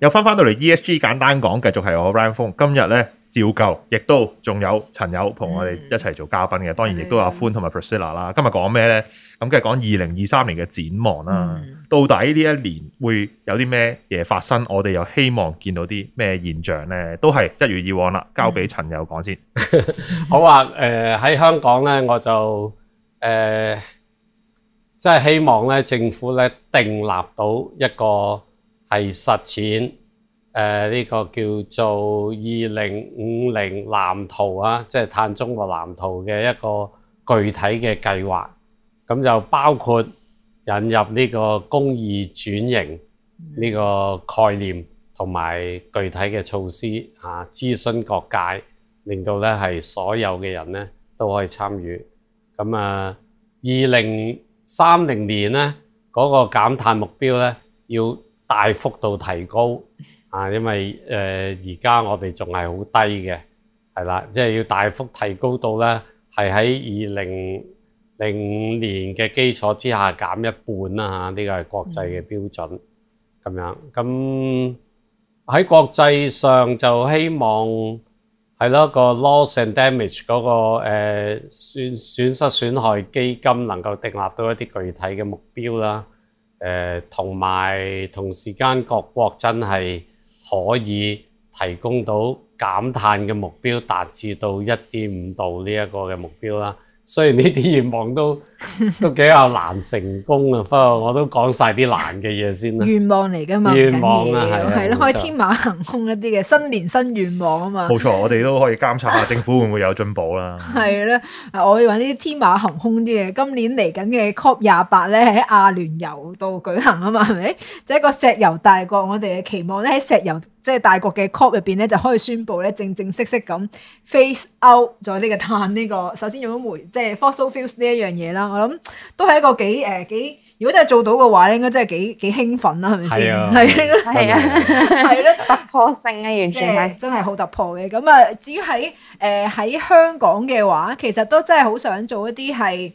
又翻翻到嚟 E S G 簡單講，繼續係我 Brian Fong。今日咧照舊，亦都仲有陳友同我哋一齊做嘉賓嘅、嗯。當然亦都有阿寬同埋 Priscilla 啦。今日講咩咧？咁梗係講二零二三年嘅展望啦、嗯。到底呢一年會有啲咩嘢發生？我哋又希望見到啲咩現象咧？都係一如以往啦。交俾陳友講先、嗯。好 啊，誒、呃、喺香港咧，我就誒即係希望咧政府咧訂立到一個。係實踐誒呢、呃這個叫做二零五零藍圖啊，即係碳中和藍圖嘅一個具體嘅計劃。咁就包括引入呢個公義轉型呢個概念同埋具體嘅措施嚇、啊，諮詢各界，令到咧係所有嘅人咧都可以參與。咁啊，二零三零年咧嗰、那個減碳目標咧要大幅度提高啊，因為誒而家我哋仲係好低嘅，係啦，即係要大幅提高到咧，係喺二零零五年嘅基礎之下減一半啦嚇，呢個係國際嘅標準咁樣。咁喺國際上就希望係咯個 loss and damage 嗰個誒損損失損害基金能夠訂立到一啲具體嘅目標啦。呃同埋同時間，各國真係可以提供到減碳嘅目，目標，達至到一點五度呢一個嘅目標啦。雖然呢啲願望都～ 都比較難成功啊，不過我都講晒啲難嘅嘢先啦。願望嚟噶嘛？願望啊，係係咯，開天馬行空一啲嘅，新年新願望啊嘛。冇錯，我哋都可以監察下政府會唔會有進步啦。係 啦，我要搵啲天馬行空啲嘢。今年嚟緊嘅 COP 廿八咧喺阿聯酋度舉行啊嘛，係咪？即係個石油大國，我哋嘅期望咧喺石油即係、就是、大國嘅 COP 入邊咧就可以宣布咧正正式式咁 phase out 咗、這、呢個碳呢、這個這個，首先用回即係 fossil fuels 呢一樣嘢啦。我諗都係一個幾誒幾，如果真係做到嘅話咧，應該真係幾幾興奮啦，係咪先？係係啊，係 咯，啊， 突破性啊，完全係真係好突破嘅。咁啊，至於喺誒喺香港嘅話，其實都真係好想做一啲係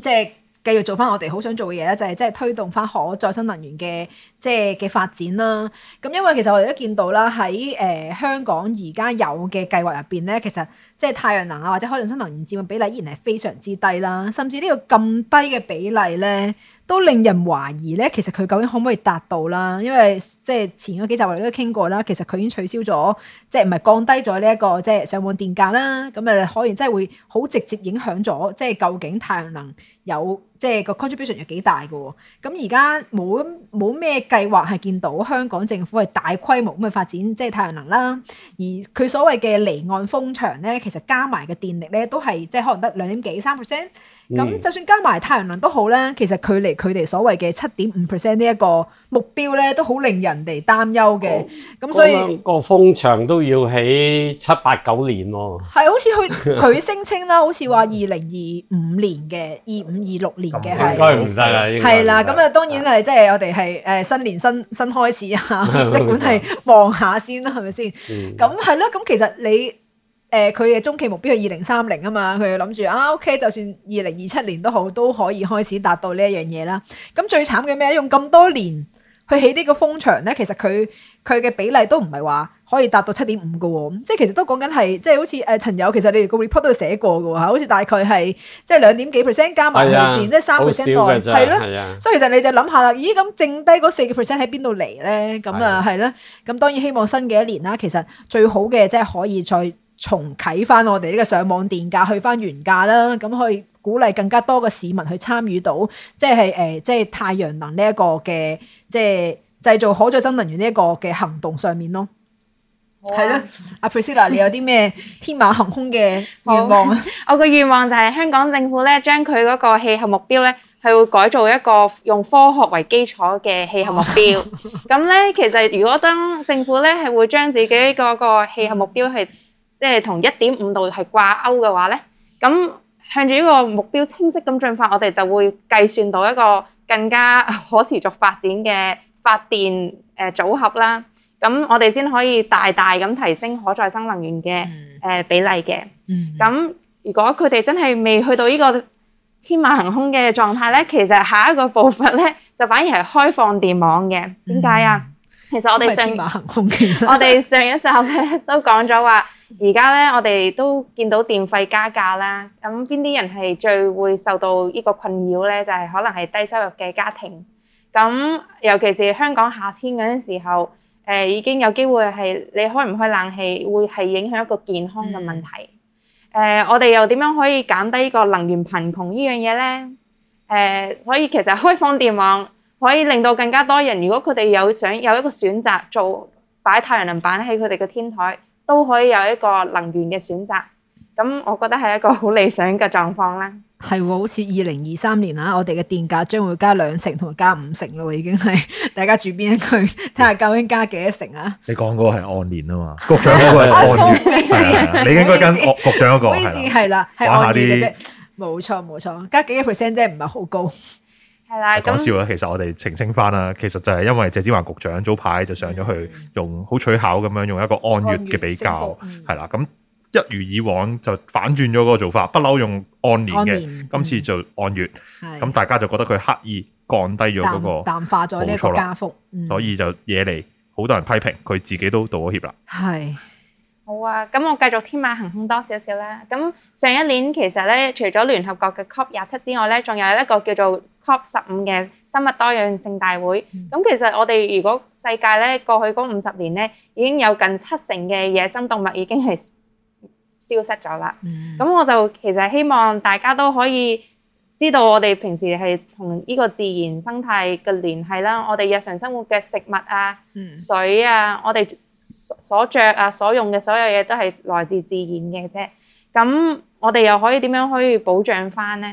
即係繼續做翻我哋好想做嘅嘢啦，就係即係推動翻可再生能源嘅即係嘅發展啦。咁因為其實我哋都見到啦，喺誒、呃、香港而家有嘅計劃入邊咧，其實。即係太陽能啊，或者海洋新能源佔嘅比例依然係非常之低啦，甚至呢個咁低嘅比例咧，都令人懷疑咧，其實佢究竟可唔可以達到啦？因為即係前嗰幾集我哋都傾過啦，其實佢已經取消咗，即係唔係降低咗呢一個即係、就是、上網電價啦，咁誒可能真係會好直接影響咗，即係究竟太陽能有即係、就是、個 contribution 有幾大㗎？咁而家冇冇咩計劃係見到香港政府係大規模咁去發展即係、就是、太陽能啦，而佢所謂嘅離岸風場咧，其其實加埋嘅電力咧，都係即係可能得兩點幾三 percent。咁就算加埋太陽能都好咧，其實距離佢哋所謂嘅七點五 percent 呢一個目標咧，都好令人哋擔憂嘅。咁所以個風場都要起七八九年咯。係好似佢佢聲稱啦，好似話二零二五年嘅二五二六年嘅係應該唔得啦，係啦。咁啊，當然係即係我哋係誒新年新新開始啊，盡管係望下先啦，係咪先？咁係咯，咁其實你。誒佢嘅中期目標係二零三零啊嘛，佢諗住啊 OK，就算二零二七年都好都可以開始達到呢一樣嘢啦。咁最慘嘅咩？用咁多年去起呢個風場咧，其實佢佢嘅比例都唔係話可以達到七點五個喎。咁即係其實都講緊係即係好似誒、呃、陳友其實你哋個 report 都有寫過嘅喎好似大概係即係兩點幾 percent 加埋年，哎、即係三 percent 內係咯。所以其實你就諗下啦，咦咁剩低嗰四個 percent 喺邊度嚟咧？咁啊係啦。咁當然希望新嘅一年啦，其實最好嘅即係可以再。重啟翻我哋呢個上網電價去翻原價啦，咁去鼓勵更加多嘅市民去參與到，即係誒、呃，即係太陽能呢一個嘅，即係製造可再生能源呢一個嘅行動上面咯。係咯，阿、啊、Priscilla，你有啲咩天馬行空嘅願望？ 我個願望就係香港政府咧，將佢嗰個氣候目標咧，係會改造一個用科學為基礎嘅氣候目標。咁 咧，其實如果當政府咧係會將自己嗰個氣候目標係。即係同一點五度係掛鈎嘅話咧，咁向住呢個目標清晰咁進發，我哋就會計算到一個更加可持續發展嘅發電誒組合啦。咁我哋先可以大大咁提升可再生能源嘅誒比例嘅。嗯。咁如果佢哋真係未去到呢個天馬行空嘅狀態咧，其實下一個步伐咧就反而係開放電網嘅。點解啊？其實我哋上我哋上一集咧都講咗話。而家咧，我哋都見到電費加價啦。咁邊啲人係最會受到呢個困擾咧？就係可能係低收入嘅家庭。咁尤其是香港夏天嗰陣時候，誒已經有機會係你開唔開冷氣會係影響一個健康嘅問題。誒，我哋又點樣可以減低呢個能源貧窮呢樣嘢咧？誒，所以其實開放電網可以令到更加多人，如果佢哋有想有一個選擇，做擺太陽能板喺佢哋嘅天台。都可以有一個能源嘅選擇，咁我覺得係一個好理想嘅狀況啦。係喎，好似二零二三年啊，我哋嘅電價將會加兩成同埋加五成咯，已經係大家住邊一區，睇下究竟加幾多成啊？你講嗰個係按年啊嘛，局長嗰個係按年，你應該跟局長嗰個係啦，係按下啲嘅啫。冇錯冇錯，加幾多 percent，即係唔係好高。講笑啊，其實我哋澄清翻啦，其實就係因為謝志華局長早排就上咗去，用好取巧咁樣用一個按月嘅比較，係啦，咁、嗯、一如以往就反轉咗個做法，不嬲用按、按年嘅，嗯、今次就按月，咁、嗯、大家就覺得佢刻意降低咗嗰、那個淡、淡化咗呢個加幅，冇錯、嗯、所以就惹嚟好多人批評，佢自己都道歉啦。係、嗯。好啊，咁我繼續天馬行空多少少啦。咁上一年其實咧，除咗聯合國嘅 COP 廿七之外咧，仲有一個叫做 COP 十五嘅生物多樣性大會。咁其實我哋如果世界咧過去嗰五十年咧，已經有近七成嘅野生動物已經係消失咗啦。咁我就其實希望大家都可以知道我哋平時係同呢個自然生態嘅聯繫啦。我哋日常生活嘅食物啊、水啊，我哋。所著啊，所用嘅所有嘢都係來自自然嘅啫。咁我哋又可以點樣可以保障返呢？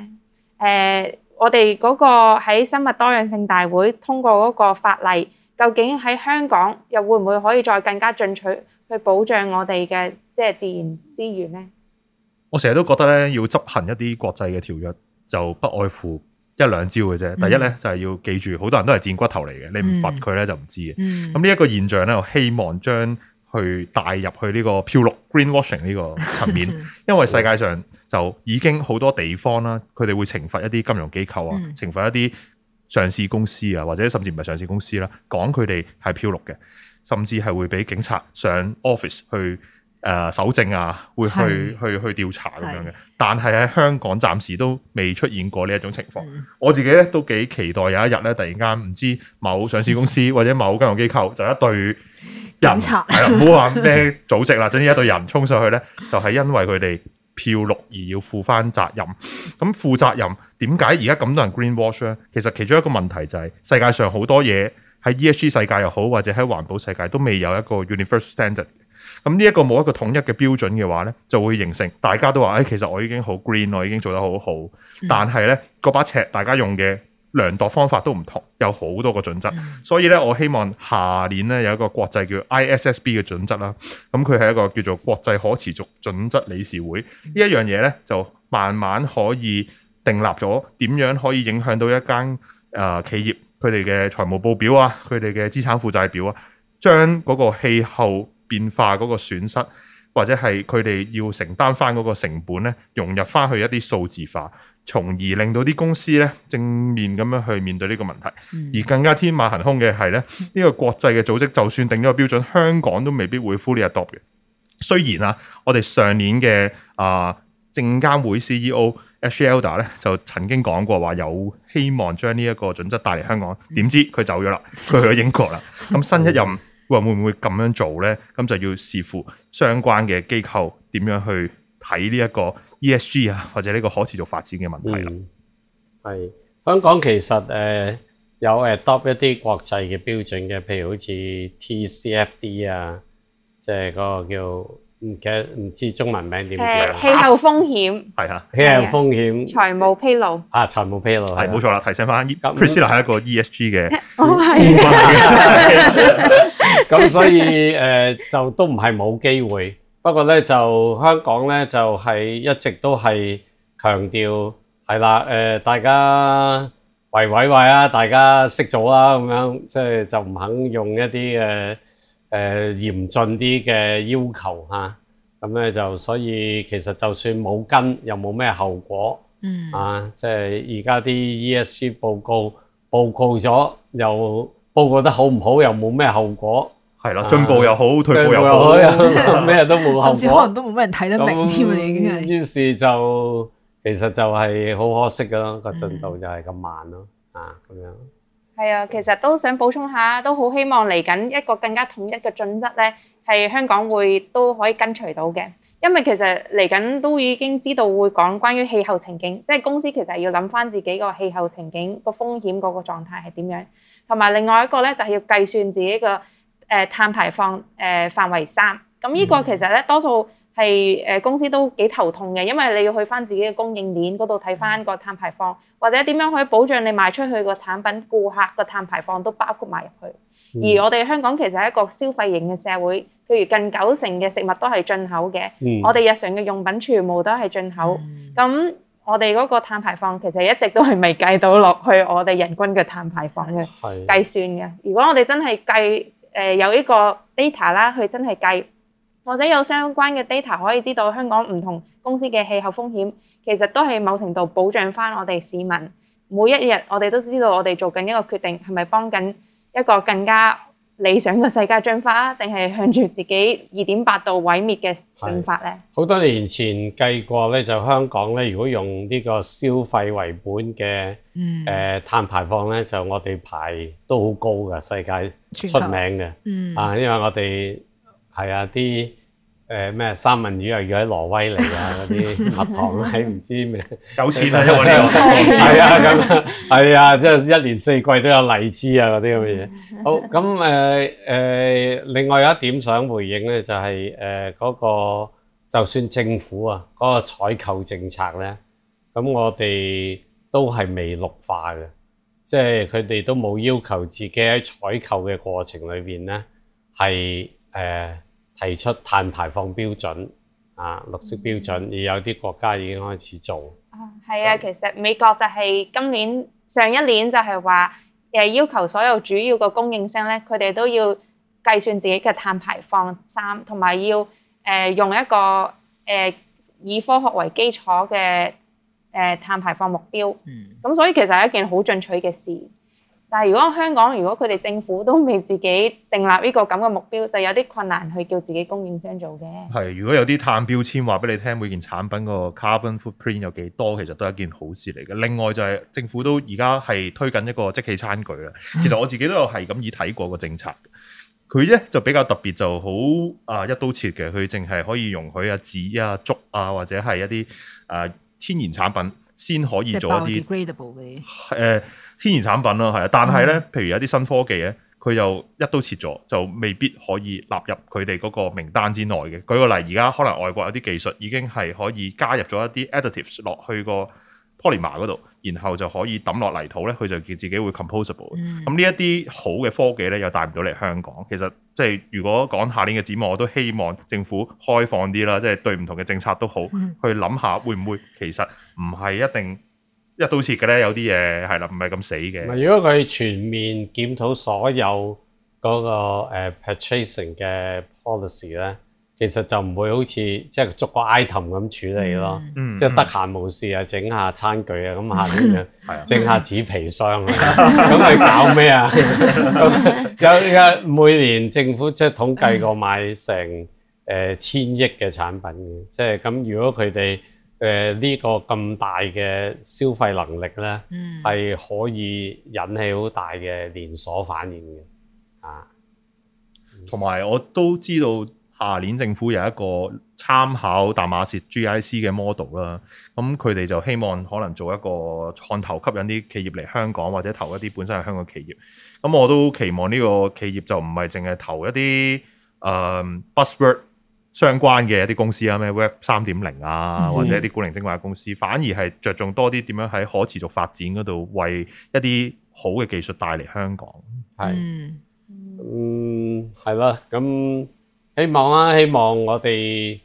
誒、呃，我哋嗰個喺生物多樣性大會通過嗰個法例，究竟喺香港又會唔會可以再更加進取去保障我哋嘅即係自然資源呢？我成日都覺得咧，要執行一啲國際嘅條約就不外乎。一兩招嘅啫，第一咧就係、是、要記住，好多人都係賤骨頭嚟嘅，你唔罰佢咧就唔知嘅。咁呢一個現象咧，我希望將佢帶入去呢個漂綠 （greenwashing） 呢個層面， 因為世界上就已經好多地方啦，佢哋會懲罰一啲金融機構啊，懲罰一啲上市公司啊，或者甚至唔係上市公司啦，講佢哋係漂綠嘅，甚至係會俾警察上 office 去。誒、呃，搜證啊，會去去去調查咁樣嘅，但係喺香港暫時都未出現過呢一種情況。我自己咧都幾期待有一日咧，突然間唔知某上市公司或者某金融機構就一隊人，唔好話咩組織啦，真 呢一對人衝上去咧，就係、是、因為佢哋漂綠而要負翻責任。咁負責任點解而家咁多人 green wash 咧？其實其中一個問題就係世界上好多嘢。喺 ESG 世界又好，或者喺環保世界都未有一個 universe standard。咁呢一個冇一個統一嘅標準嘅話咧，就會形成大家都話，哎，其實我已經好 green，我已經做得好好。嗯、但係咧，嗰把尺大家用嘅量度方法都唔同，有好多個準則、嗯。所以咧，我希望下年咧有一個國際叫 ISSB 嘅準則啦。咁佢係一個叫做國際可持續準則理事會呢一、嗯、樣嘢咧，就慢慢可以訂立咗點樣可以影響到一間、呃、企業。佢哋嘅財務報表啊，佢哋嘅資產負債表啊，將嗰個氣候變化嗰個損失或者係佢哋要承擔翻嗰個成本咧，融入翻去一啲數字化，從而令到啲公司咧正面咁樣去面對呢個問題、嗯。而更加天馬行空嘅係咧，呢、呢個國際嘅組織就算定咗個標準、嗯，香港都未必會 fully adopt 嘅。雖然啊，我哋上年嘅啊證監會 CEO，Ashley Elder 咧就曾經講過話有希望將呢一個準則帶嚟香港，點知佢走咗啦，佢去咗英國啦。咁新一任會唔會咁樣做咧？咁就要視乎相關嘅機構點樣去睇呢一個 ESG 啊，或者呢個可持續發展嘅問題啦。係、嗯、香港其實誒有 adopt 一啲國際嘅標準嘅，譬如好似 TCFD 啊，即係嗰個叫。嗯，其實唔知中文名點樣講。誒，氣候風險係啊，氣候風險。財務披露啊，財務披露係冇錯啦。提醒返，Priscilla 係一個 ESG 嘅。哦，係啊。咁所以誒，就都唔係冇機會，不過咧就香港咧就係一直都係強調係啦，誒大家為偉偉啊，大家識咗啦，咁樣即係就唔肯用一啲誒。誒嚴峻啲嘅要求嚇，咁咧就所以其實就算冇跟又冇咩後果，嗯啊，即係而家啲 ESG 報告報告咗又報告得好唔好又冇咩後果，係啦，進步又好，退步又好，咩都冇後果，甚至可能都冇咩人睇得明添啊！你已經係於是就其實就係好可惜噶咯，個進度就係咁慢咯，啊咁樣。係啊，其實都想補充下，都好希望嚟緊一個更加統一嘅準則咧，係香港會都可以跟隨到嘅。因為其實嚟緊都已經知道會講關於氣候情景，即係公司其實要諗翻自己個氣候情景個風險嗰個狀態係點樣，同埋另外一個咧就係要計算自己個誒碳排放誒範圍三。咁呢個其實咧多數係誒公司都幾頭痛嘅，因為你要去翻自己嘅供應鏈嗰度睇翻個碳排放。或者點樣可以保障你賣出去個產品顧客個碳排放都包括埋入去？而我哋香港其實係一個消費型嘅社會，譬如近九成嘅食物都係進口嘅，嗯、我哋日常嘅用品全部都係進口。咁、嗯、我哋嗰個碳排放其實一直都係未計到落去我哋人均嘅碳排放嘅計算嘅。如果我哋真係計誒有呢個 data 啦，去真係計或者有相關嘅 data 可以知道香港唔同。公司嘅氣候風險其實都係某程度保障翻我哋市民。每一日我哋都知道我哋做緊一個決定，係咪幫緊一個更加理想嘅世界進發啊，定係向住自己二點八度毀滅嘅進發咧？好多年前計過咧，就香港咧，如果用呢個消費為本嘅誒碳排放咧，就我哋排都好高噶世界出名嘅。嗯。啊，因為我哋係啊啲。誒、呃、咩？三文魚又要喺挪威嚟啊！嗰啲合糖喺唔知咩？ 有錢啊！因為呢個係啊咁啊係啊！即係、啊就是、一年四季都有荔枝啊嗰啲咁嘅嘢。 好，咁誒、呃、另外有一點想回應咧，就係誒嗰個就算政府啊嗰、那個採購政策咧，咁我哋都係未綠化嘅，即係佢哋都冇要求自己喺採購嘅過程裏面咧係誒。提出碳排放標準啊，綠色標準，嗯、而有啲國家已經開始做。啊，係啊，其實美國就係今年上一年就係話，誒要求所有主要嘅供應商咧，佢哋都要計算自己嘅碳排放三，同埋要誒、呃、用一個誒、呃、以科學為基礎嘅誒、呃、碳排放目標。嗯，咁所以其實係一件好進取嘅事。但係如果香港如果佢哋政府都未自己訂立呢個咁嘅目標，就有啲困難去叫自己供應商做嘅。係，如果有啲碳標籤話俾你聽，每件產品個 carbon footprint 有幾多，其實都係一件好事嚟嘅。另外就係、是、政府都而家係推緊一個即棄餐具啦。 其實我自己都有係咁以睇過個政策，佢咧就比較特別就好啊一刀切嘅。佢淨係可以容許啊啊紙啊竹啊或者係一啲啊天然產品。先可以做一啲，誒天然產品啦，係啊，但係咧，譬如有啲新科技咧，佢又一刀切咗，就未必可以納入佢哋嗰個名單之內嘅。舉個例，而家可能外國有啲技術已經係可以加入咗一啲 additives 落去個 Polymer 嗰度，然後就可以抌落泥土咧，佢就叫自己會 composable。咁呢一啲好嘅科技咧，又帶唔到嚟香港。其實即係如果講下年嘅展望，我都希望政府開放啲啦，即係對唔同嘅政策都好，嗯，去諗下會唔會其實唔係一定一刀切嘅咧。有啲嘢係啦，唔係咁死嘅。如果佢全面檢討所有嗰個，uh, purchasing 嘅 policy 咧。其實就唔會好似即係逐個 item 咁處理咯，嗯，即係得閒無事啊，整下餐具啊，咁、嗯、下邊啊，整下紙皮箱啊，咁係搞咩啊？有而家每年政府即係統計過買成誒、呃、千億嘅產品嘅、嗯，即係咁如果佢哋誒呢個咁大嘅消費能力咧，係、嗯、可以引起好大嘅連鎖反應嘅啊。同埋我都知道。下年政府有一個參考淡馬錫 GIC 嘅 model 啦，咁佢哋就希望可能做一個創投，吸引啲企業嚟香港或者投一啲本身係香港企業。咁我都期望呢個企業就唔係淨係投一啲誒、嗯、Buzzword 相關嘅一啲公司啊，咩 web 三點零啊，或者一啲古靈精怪嘅公司，反而係着重多啲點樣喺可持續發展嗰度，為一啲好嘅技術帶嚟香港。係，嗯，係、嗯、啦，咁。那希望啊！希望我哋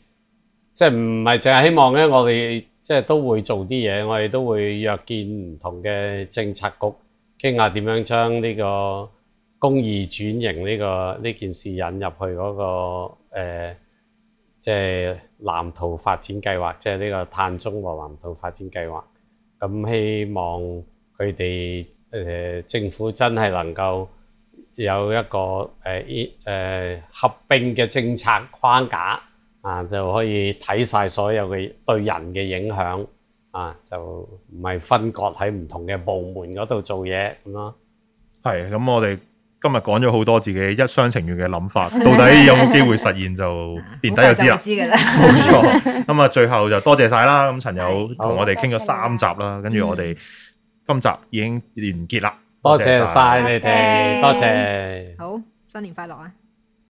即係唔係淨係希望咧，我哋即係都會做啲嘢，我哋都會約見唔同嘅政策局，傾下點樣將呢個公義轉型呢個呢件事引入去嗰個誒，即係藍圖發展計劃，即係呢個碳中和藍圖發展計劃。咁希望佢哋誒政府真係能夠。有一個誒依、呃呃、合併嘅政策框架啊，就可以睇晒所有嘅對人嘅影響啊，就唔係分割喺唔同嘅部門嗰度做嘢咁咯。係咁，嗯，我哋今日講咗好多自己一廂情願嘅諗法， 到底有冇機會實現就變得有知啦。冇錯，咁啊，最後就多謝晒啦。咁，嗯、 陳友同我哋傾咗三集啦，跟住我哋今集已經完結啦。多謝晒你哋，多謝。好，新年快樂啊！